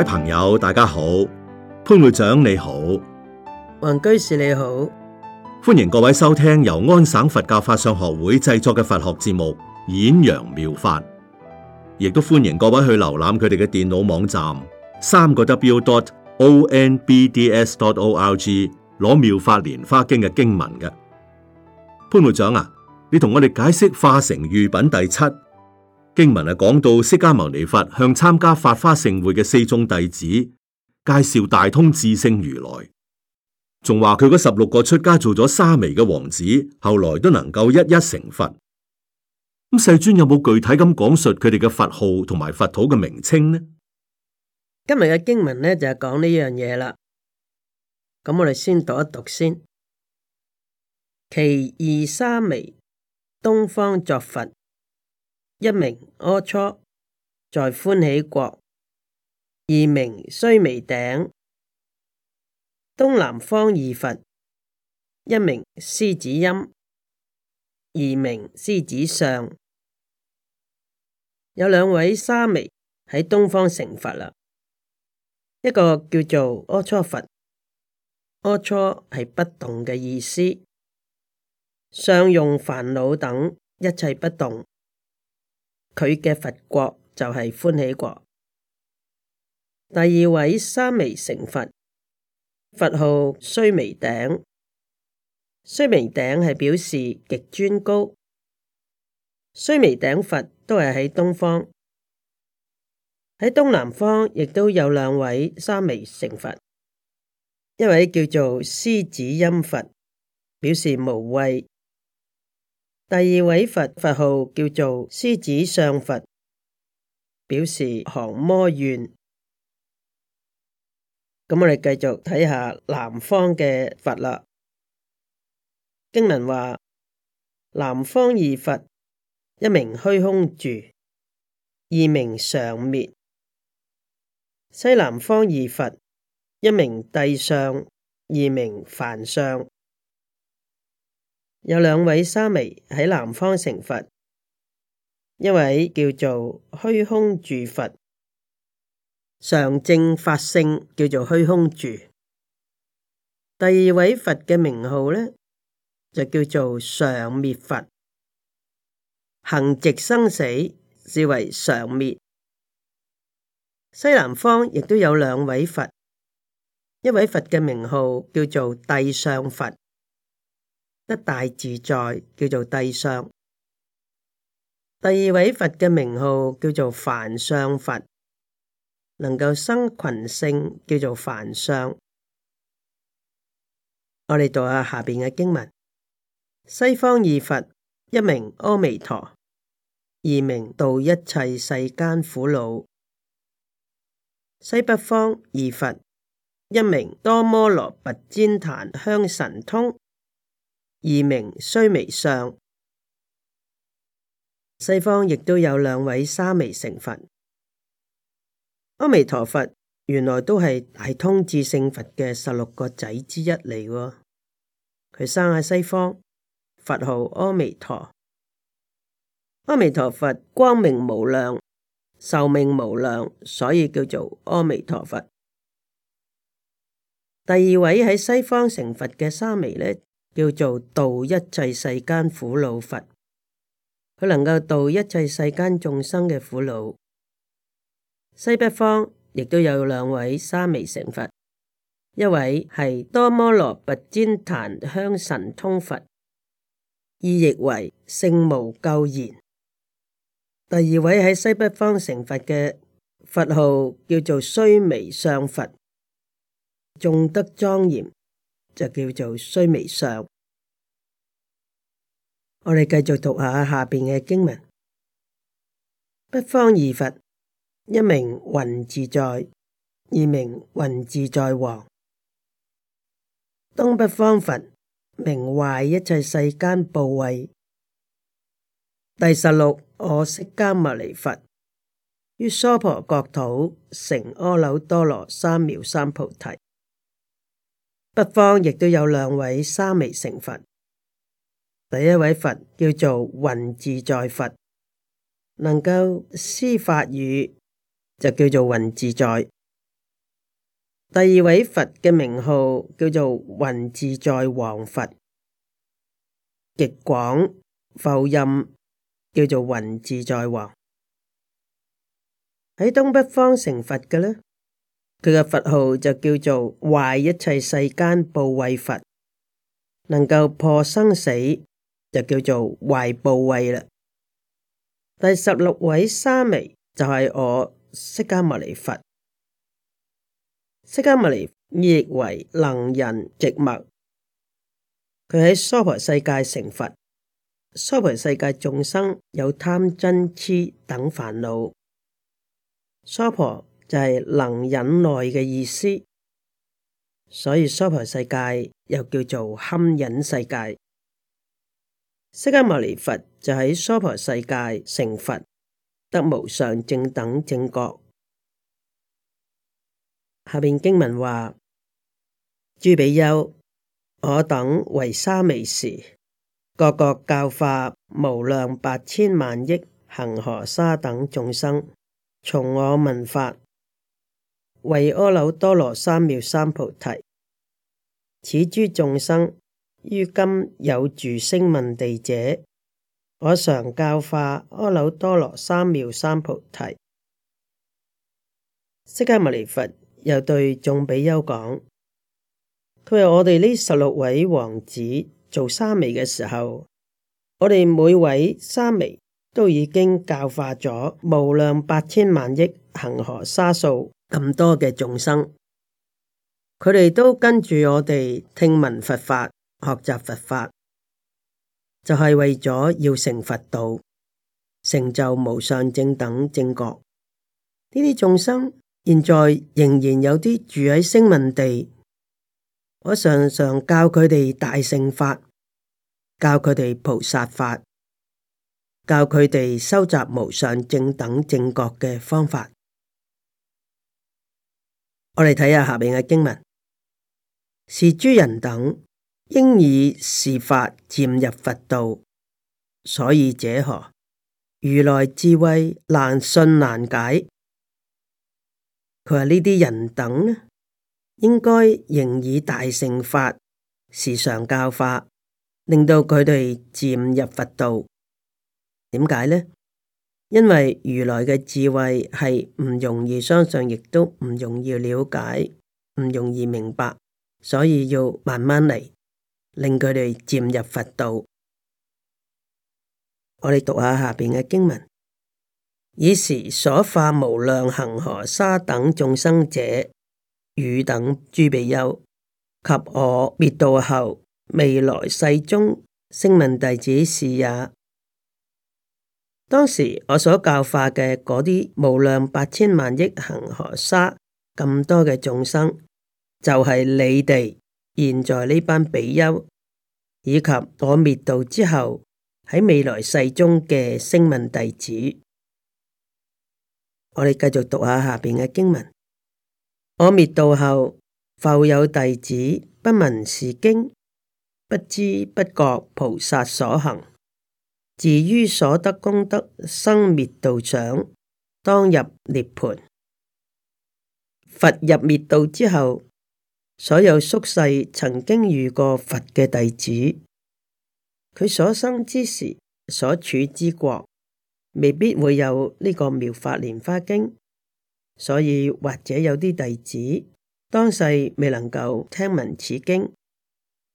各位朋友，大家好，潘會長你好，王居士你好，歡迎各位收聽由安省佛教法上學會製作嘅佛學節目《演揚妙法》，亦都歡迎各位去瀏覽佢哋嘅電腦網站三個 W dot O N B D S dot O L G 攞妙法蓮華經嘅經文嘅。潘會長啊，你同我哋解釋化城喻品第七。經文啊，講到釋迦牟尼佛向參加法華盛會嘅四眾弟子介紹大通智勝如來，仲話佢嗰十六個出家做咗沙彌嘅王子，後來都能夠一一成佛。咁世尊有冇具體咁講述佢哋嘅佛號同埋佛土嘅名稱呢？今日嘅經文呢，就係講呢樣嘢啦。咁我哋先讀一讀先。其二沙彌，東方作佛。一名阿初在歡喜國，二名須彌頂。東南方二佛，一名獅子音，二名獅子相，有兩位沙彌喺東方成佛啦。一個叫做阿初佛，阿初係不動嘅意思，相用煩惱等一切不動。佢嘅佛國就係歡喜國。第二位沙彌成佛，佛號須彌頂。須彌頂係表示極尊高。須彌頂佛都係喺東方，喺東南方亦都有兩位沙彌成佛，一位叫做獅子音佛，表示無畏。第二位佛佛號叫做獅子相佛，表示降魔怨。咁我哋繼續睇下南方嘅佛啦。經文話：南方二佛，一名虛空住，二名常滅；西南方二佛，一名帝相，二名梵相。有兩位沙彌喺南方成佛，一位叫做虛空住佛，常正法性叫做虛空住。第二位佛嘅名號咧，就叫做常滅佛，行直生死是為常滅。西南方亦都有兩位佛，一位佛嘅名號叫做帝相佛。得大自在，叫做帝相。第二位佛嘅名號叫做梵相佛，能夠生群性叫做梵相。我哋讀下下邊嘅經文：西方二佛，一名阿彌陀，二名度一切世間苦惱。西北方二佛，一名多摩羅拔栴檀香神通。二名須彌相，西方亦都有兩位沙彌成佛，阿彌陀佛原來都係大通智勝佛嘅十六個仔之一嚟，佢生喺西方，佛號阿彌陀。阿彌陀佛光明無量，壽命無量，所以叫做阿彌陀佛。第二位喺西方成佛嘅沙彌呢，叫做度一切世間苦惱佛，佢能夠度一切世間眾生嘅苦惱。西北方亦都有兩位沙彌成佛，一位係多摩羅拔旃檀香神通佛，意譯為聖無垢賢；第二位喺西北方成佛嘅佛號叫做須彌上佛，眾德莊嚴。就叫做須彌相，我哋繼續讀下下邊嘅經文。北方二佛，一名雲自在，二名雲自在王。東北方佛名壞一切世間怖畏。」第十六，我釋迦牟尼佛於娑婆國土成阿耨多羅三藐三菩提。北方亦都有兩位沙彌成佛，第一位佛叫做雲自在佛，能夠施法雨，就叫做雲自在。第二位佛嘅名號叫做雲自在王佛，極廣浮音，叫做雲自在王。喺東北方成佛嘅呢。佢嘅佛號就叫做壞一切世間怖畏佛，能夠破生死，就叫做壞怖畏啦。第十六位沙彌就係我釋迦牟尼佛，釋迦牟尼意為能仁寂默，佢喺娑婆世界成佛。娑婆世界眾生有貪嗔癡等煩惱，娑婆就係能忍耐嘅意思，所以娑婆世界又叫做堪忍世界。釋迦牟尼佛就喺娑婆世界成佛，得無上正等正覺。下邊經文話：諸比丘，我等為沙彌時，各各教化無量百千萬億恆河沙等眾生，從我聞法。為阿耨多羅三藐三菩提，此諸眾生於今有住聲聞地者，我常教化阿耨多羅三藐三菩提。釋迦牟尼佛又對眾比丘講，佢話我哋呢十六位王子做沙彌嘅時候，我哋每位沙彌都已經教化咗無量百千萬億恒河沙數。咁多嘅眾生，佢哋都跟住我哋聽聞佛法、學習佛法，就係、是、為咗要成佛道、成就無上正等正覺。呢啲眾生現在仍然有啲住喺聲聞地，我常常教佢哋大乘法，教佢哋菩薩法，教佢哋收集無上正等正覺嘅方法。我哋睇下下面嘅經文，是諸人等應以是法漸入佛道，所以者何？如來智慧難信難解。佢話呢啲人等呢，應該仍以大乘法時常教化，令到佢哋漸入佛道。點解呢？因為如來嘅智慧係唔容易相信，亦都唔容易了解，唔容易明白，所以要慢慢嚟，令佢哋漸入佛道。我哋讀下下邊嘅經文：以時所化無量恒河沙等眾生者，汝等諸比丘及我滅度後，未來世中，聲聞弟子是也。當時我所教化嘅嗰啲無量八千萬億恒河沙咁多嘅眾生，就係、是、你哋現在呢班比丘，以及我滅度之後喺未來世中嘅聲聞弟子。我哋繼續讀下下面嘅經文：我滅度後，復有弟子不聞是經，不知不覺菩薩所行。至於所得功德生滅道長，當入涅盤。佛入滅道之後，所有宿世曾經遇過佛嘅弟子，佢所生之時、所處之國，未必會有呢、這個妙法蓮花經，所以或者有啲弟子當世未能夠聽聞此經，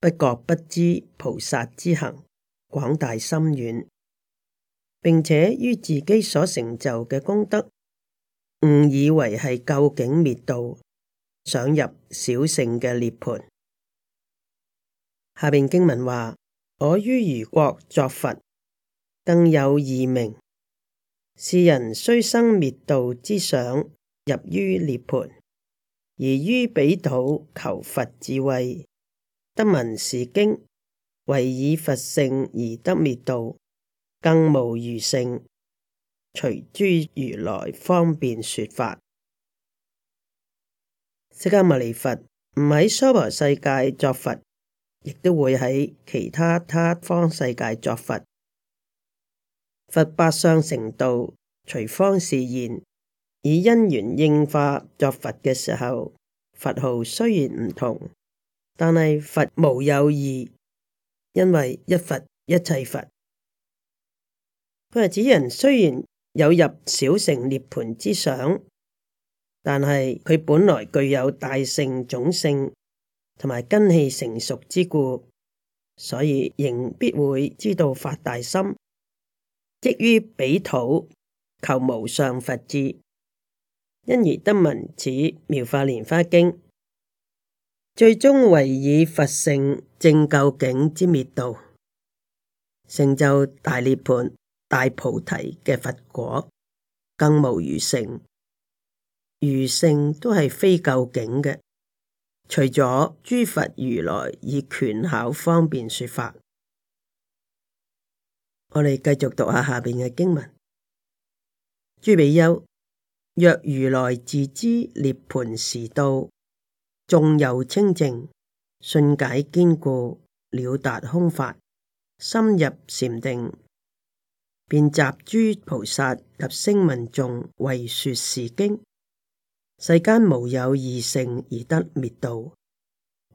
不覺不知菩薩之行廣大深遠。並且於自己所成就嘅功德，誤以為係究竟滅道，想入小乘嘅涅盤。下邊經文話：我於餘國作佛，更有異名。是人雖生滅道之想，入於涅盤，而於彼土求佛智慧，得聞是經，唯以佛乘而得滅道。更無餘性，隨諸如來方便說法。釋迦牟尼佛唔喺娑婆世界作佛，亦都會喺其他他方世界作佛。佛八相成道，隨方示現，以因緣應化作佛嘅時候，佛號雖然唔同，但係佛無有異，因為一佛一切佛。佢話：此人雖然有入小乘涅槃之相，但係佢本來具有大乘種性同埋根器成熟之故，所以仍必會知道發大心，即於彼土求無上佛智，因而得聞此妙法蓮華經，最終為以佛性正究竟之滅道，成就大涅槃。大菩提嘅佛果更無餘性。餘性都係非究竟嘅。除咗諸佛如來以權巧方便說法，我哋繼續讀下下邊嘅經文。諸比丘，若如來自知涅槃時到，仲有清淨，信解堅固，了達空法，深入禪定。便集諸菩薩及聲聞眾為說是經。世間無有二乘而得滅度，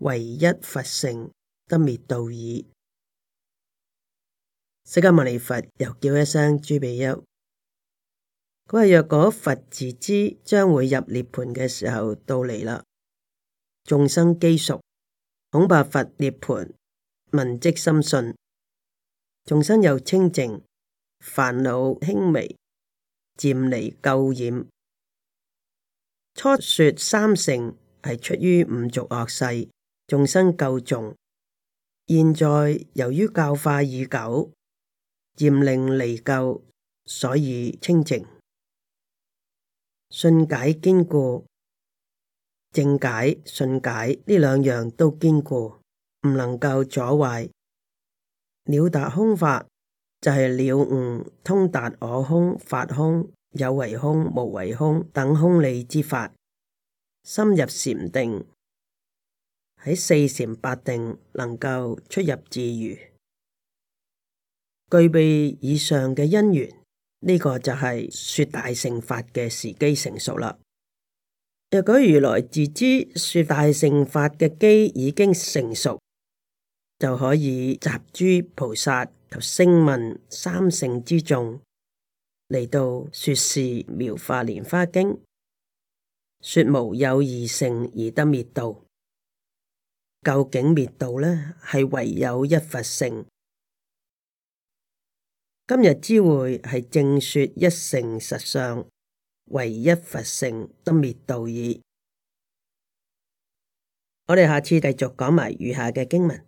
唯一佛乘得滅度矣。釋迦牟尼佛又叫一聲諸比丘，佢話若果佛自知將會入涅槃嘅時候到嚟啦，眾生機熟，恐怕佛涅槃，聞即心信，眾生又清淨。煩惱輕微，漸離垢染。初說三乘係出於五濁惡世，眾生垢重。現在由於教化已久，漸令離垢，所以清淨。信解堅固，正解信解呢兩樣都堅固，唔能夠阻壞。了達空法。就係了悟通達我空法空有為空無為空等空理之法，深入禪定，喺四禪八定能夠出入自如，具備以上嘅因緣，呢、這個就係說大乘法嘅時機成熟啦。若果如來自知說大乘法嘅機已經成熟，就可以集諸菩薩。及聲聞三乘之眾，嚟到說是妙法蓮花經，說無有二乘而得滅道。究竟滅道呢？係唯有一佛乘。今日之會係正說一乘實相，唯一佛乘得滅道耳。我哋下次繼續講埋餘下嘅經文。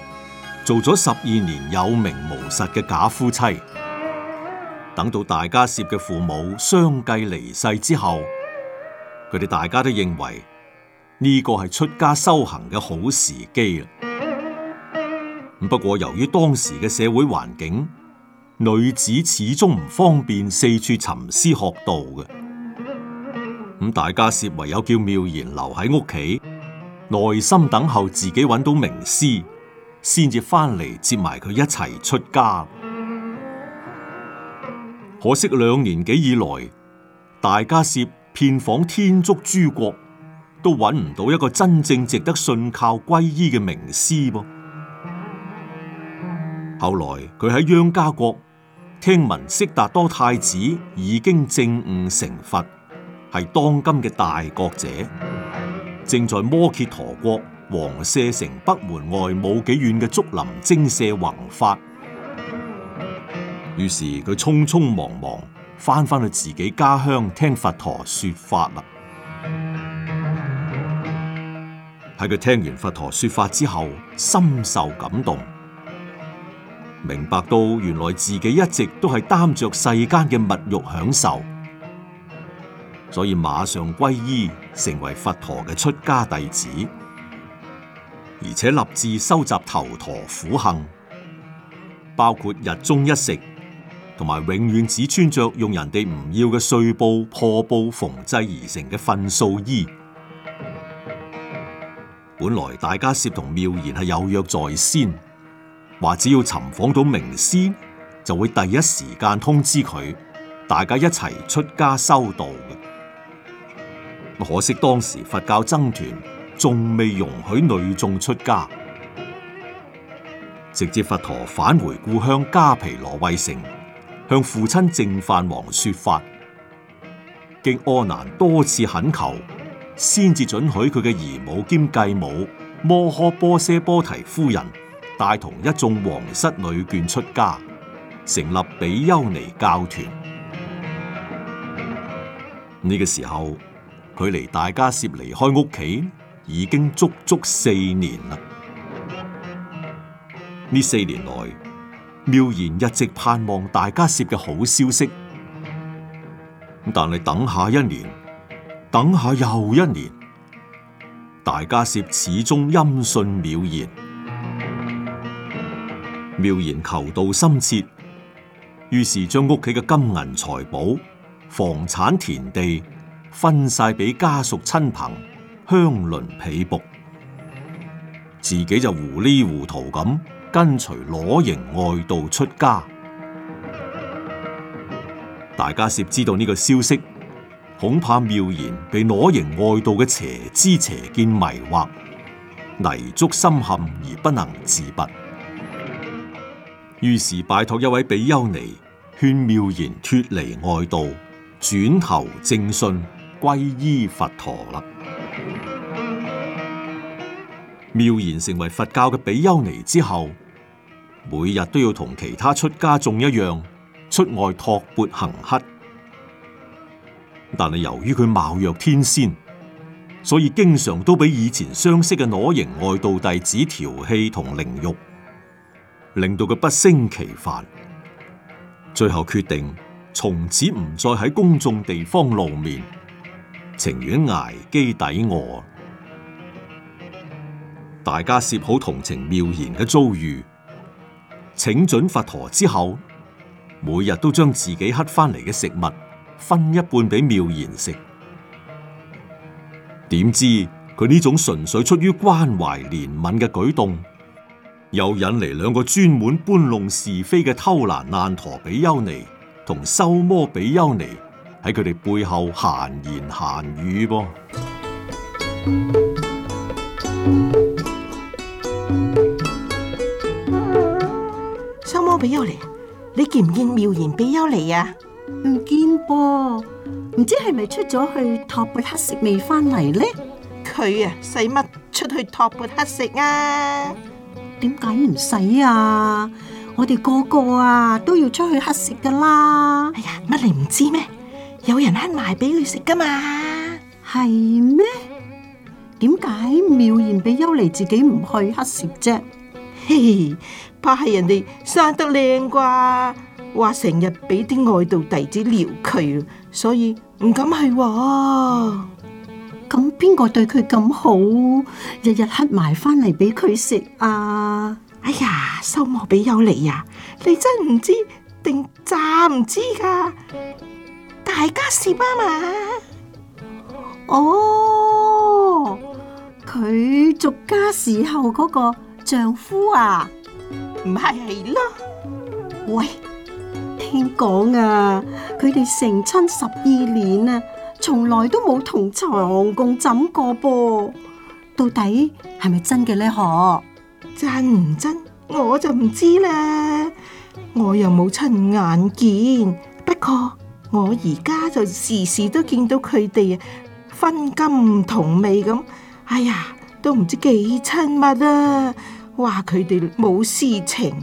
做咗十二年有名無實嘅假夫妻，等到大迦葉嘅父母相繼離世之後，佢哋大家都認為呢、這個係出家修行嘅好時機啦。不過由於當時嘅社會環境，女子始終唔方便四處尋師學道嘅。咁大迦葉唯有叫妙賢留喺屋企，耐心等候自己揾到名師。先至翻嚟接埋佢一齊出家，可惜兩年幾以來，大迦葉遍訪天竺諸國，都揾唔到一個真正值得信靠皈依嘅名師噃。後來佢喺央家國聽聞悉達多太子已經證悟成佛，係當今嘅大覺者，正在摩羯陀國。王舍城北門外冇幾遠嘅竹林精舍弘法。於是佢匆匆忙忙返返去自己家鄉聽佛陀說法啦。喺佢聽完佛陀說法之後，深受感動，明白到原來自己一直都係擔着世間嘅物欲享受，所以馬上皈依，成為佛陀嘅出家弟子。而且立志收集頭陀苦行，包括日中一食，同埋永遠只穿着用人哋唔要嘅碎布破布縫製而成嘅糞掃衣。本來大迦葉同妙言係有約在先，話只要尋訪到名師，就會第一時間通知佢，大家一齊出家修道嘅。可惜當時佛教僧團，仲未容許女眾出家，直至佛陀返回故鄉迦毗羅衛城，向父親淨飯王說法，經阿難多次懇求，先至准許佢嘅姨母兼繼母摩訶波奢波提夫人，帶同一眾皇室女眷出家，成立比丘尼教團。呢個時候，距離大迦葉離開屋企。已經足足四年啦！呢四年內，妙賢一直盼望大迦葉嘅好消息，但係等下一年，等下又一年，大迦葉始終音訊渺然。妙賢求道深切，於是將屋企嘅金銀財寶、房產田地分晒俾家屬親朋。鄉鄰被薄，自己就糊裡糊塗咁跟隨裸形外道出家。大迦葉知道呢個消息，恐怕妙賢被裸形外道嘅邪知邪見迷惑，泥足深陷而不能自拔。於是拜託一位比丘尼勸妙賢脫離外道，轉頭正信，皈依佛陀啦。妙賢成為佛教嘅比丘尼之後，每日都要同其他出家眾一樣出外托缽行乞。但係由於佢貌若天仙，所以經常都俾以前相識嘅裸形外道弟子調戲同凌辱，令到佢不勝其煩。最後決定從此唔再喺公眾地方露面。情願捱飢抵餓，大家涉好同情妙賢嘅遭遇，請准佛陀之後，每日都將自己乞返嚟嘅食物分一半俾妙賢食。點知佢呢種純粹出於關懷憐憫嘅舉動，又引嚟兩個專門搬弄是非嘅偷蘭難陀比丘尼同修摩比丘尼。喺佢哋背後閒言閒語噃。莎魔比丘尼，你見唔見妙言比丘尼啊？唔見噃，唔知係咪出咗去托缽乞食未翻嚟咧？佢啊，使乜出去托缽乞食啊？點解唔使啊？我哋個個啊都要出去乞食噶啦。哎呀，乜你唔知咩？有人乞埋俾佢食噶嘛。係咩？點解妙賢比丘尼自己唔去乞食啫？嘿，嘿，怕係人哋生得靚啩，話成日俾啲外道弟子撩佢，所以唔敢去，啊。咁邊個對佢咁好，日日乞埋翻嚟俾佢食啊？哎呀，收摩比丘尼啊！你真唔知定詐唔知噶？大家食啊嘛！哦，佢俗家時候嗰個丈夫啊，唔係咯？喂，聽講啊，佢哋成親十二年啊，從來都冇同床共枕過噃、啊，到底係咪真嘅呢？嗬，真唔真我就唔知啦，我又冇親眼見，不過。我而家就時時都見到佢哋啊，分金同味咁，哎呀，都唔知幾親密啊！話佢哋冇私情，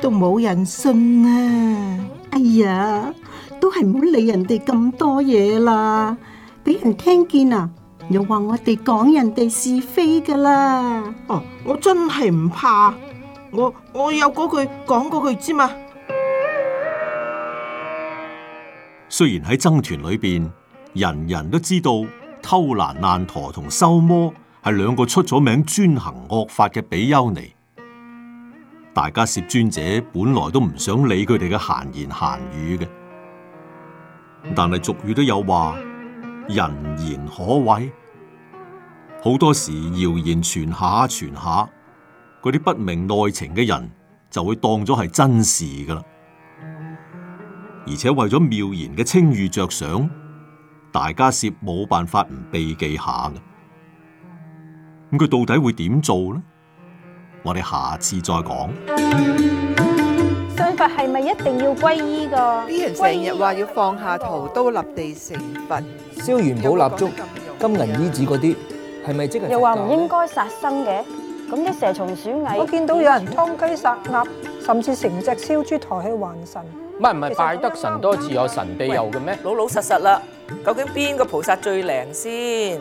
都冇人信啊！哎呀，都係唔好理人哋咁多嘢啦，俾人聽見啊，又話我哋講人哋是非噶啦！哦、啊，我真係唔怕，我我有嗰句講嗰句知嘛。雖然喺僧團裏邊，人人都知道偷蘭難陀同修魔係兩個出咗名專行惡法嘅比丘尼，大迦葉尊者本來都唔想理佢哋嘅閒言閒語嘅，但係俗語都有話，人言可畏，好多時謠言傳下傳下，嗰啲不明內情嘅人就會當咗係真事噶啦。而且為咗妙言嘅清譽着想，大家是冇辦法唔避忌下嘅。咁佢到底會點做呢？我哋下次再講。信佛係咪一定要皈依噶？啲人成日話要放下屠刀立地成佛，燒元寶蠟燭、金銀衣紙嗰啲，係咪即係？又話唔應該殺生嘅，咁啲、啊、蛇蟲鼠蟻，我見到有人劏雞殺鴨，嗯、甚至成隻燒豬抬起還神。咪唔係，拜得神多自有神庇佑嘅咩？老老實實啦，究竟邊個菩薩最靈先？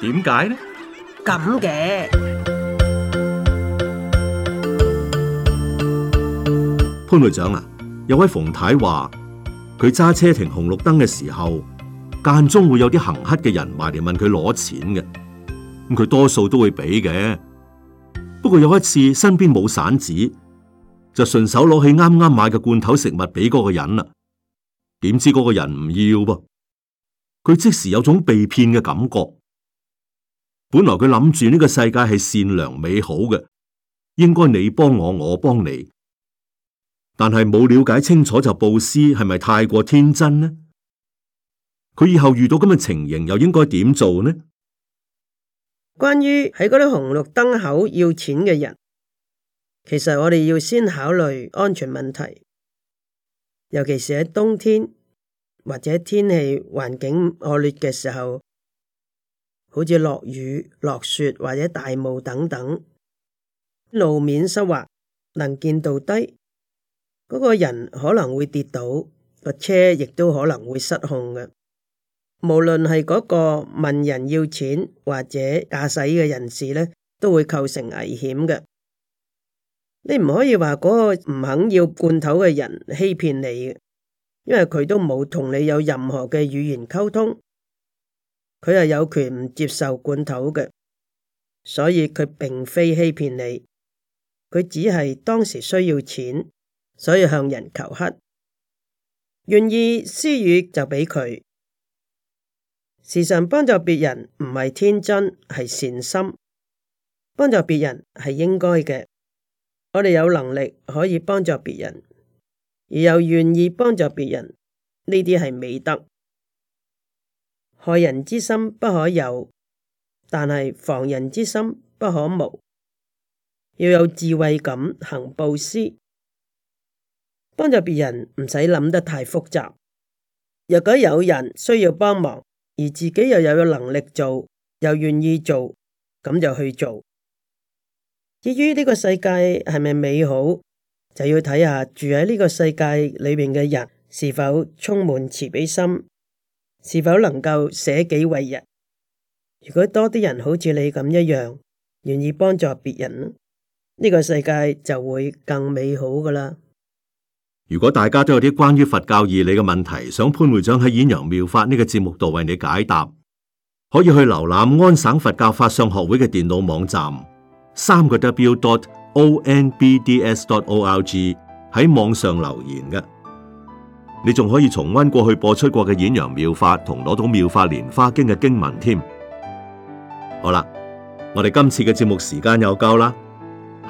點解呢？咁嘅潘隊長啊，有位馮太話，佢揸車停紅綠燈嘅時候，間中會有啲行乞嘅人埋嚟問佢攞錢嘅，咁佢多數都會俾嘅。不過有一次身邊冇散紙。就順手攞起啱啱買嘅罐頭食物俾嗰個人啦，點知嗰個人唔要噃，佢即時有種被騙嘅感覺。本來佢諗住呢個世界係善良美好嘅，應該你幫我，我幫你，但係冇了解清楚就布施，係咪太過天真呢？佢以後遇到咁嘅情形，又應該點做呢？關於喺嗰啲紅綠燈口要錢嘅人。其實我哋要先考慮安全問題，尤其是喺冬天或者天氣環境惡劣嘅時候，好似落雨、落雪或者大霧等等，路面濕滑，能見度低，嗰個人可能會跌倒，個車亦都可能會失控嘅。無論係嗰個問人要錢或者駕駛嘅人士呢，都會構成危險嘅。你唔可以話嗰個唔肯要罐頭嘅人欺騙你，因為佢都冇同你有任何嘅語言溝通，佢係有權唔接受罐頭嘅，所以佢並非欺騙你，佢只係當時需要錢，所以向人求乞，願意施予就俾佢。時常幫助別人唔係天真，係善心，幫助別人係應該嘅。我哋有能力可以幫助別人，而又願意幫助別人，呢啲係美德。害人之心不可有，但係防人之心不可無。要有智慧感行布施，幫助別人唔使諗得太複雜。若果有人需要幫忙，而自己又有有能力做，又願意做，咁就去做。至於呢個世界係咪美好，就要睇下住喺呢個世界裏面嘅人是否充滿慈悲心，是否能夠捨己為人。如果多啲人好似你咁一樣，願意幫助別人，呢個世界就會更美好噶啦。如果大家都有啲關於佛教義理嘅問題，想潘會長喺《演揚妙法》呢個節目度為你解答，可以去瀏覽安省佛教法相學會嘅電腦網站。三個 w.dot.o.n.b.d.s.dot.o.r.g 喺網上留言嘅。你仲可以重温過去播出過嘅《演揚妙法》同攞到《妙法蓮華經》嘅經文添。好啦，我哋今次嘅節目時間又夠啦，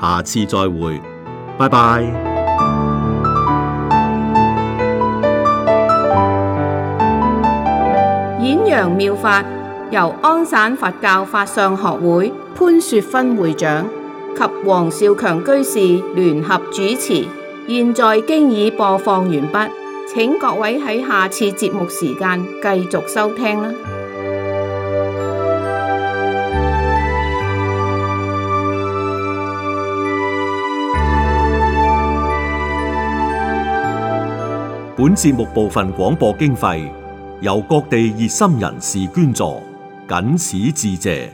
下次再會，拜拜。演揚妙法由安省佛教法相學會。潘雪芬會長及黃少強居士聯合主持，現在經已播放完畢，請各位喺下次節目時間繼續收聽啦。本節目部分廣播經費由各地熱心人士捐助，謹此致謝。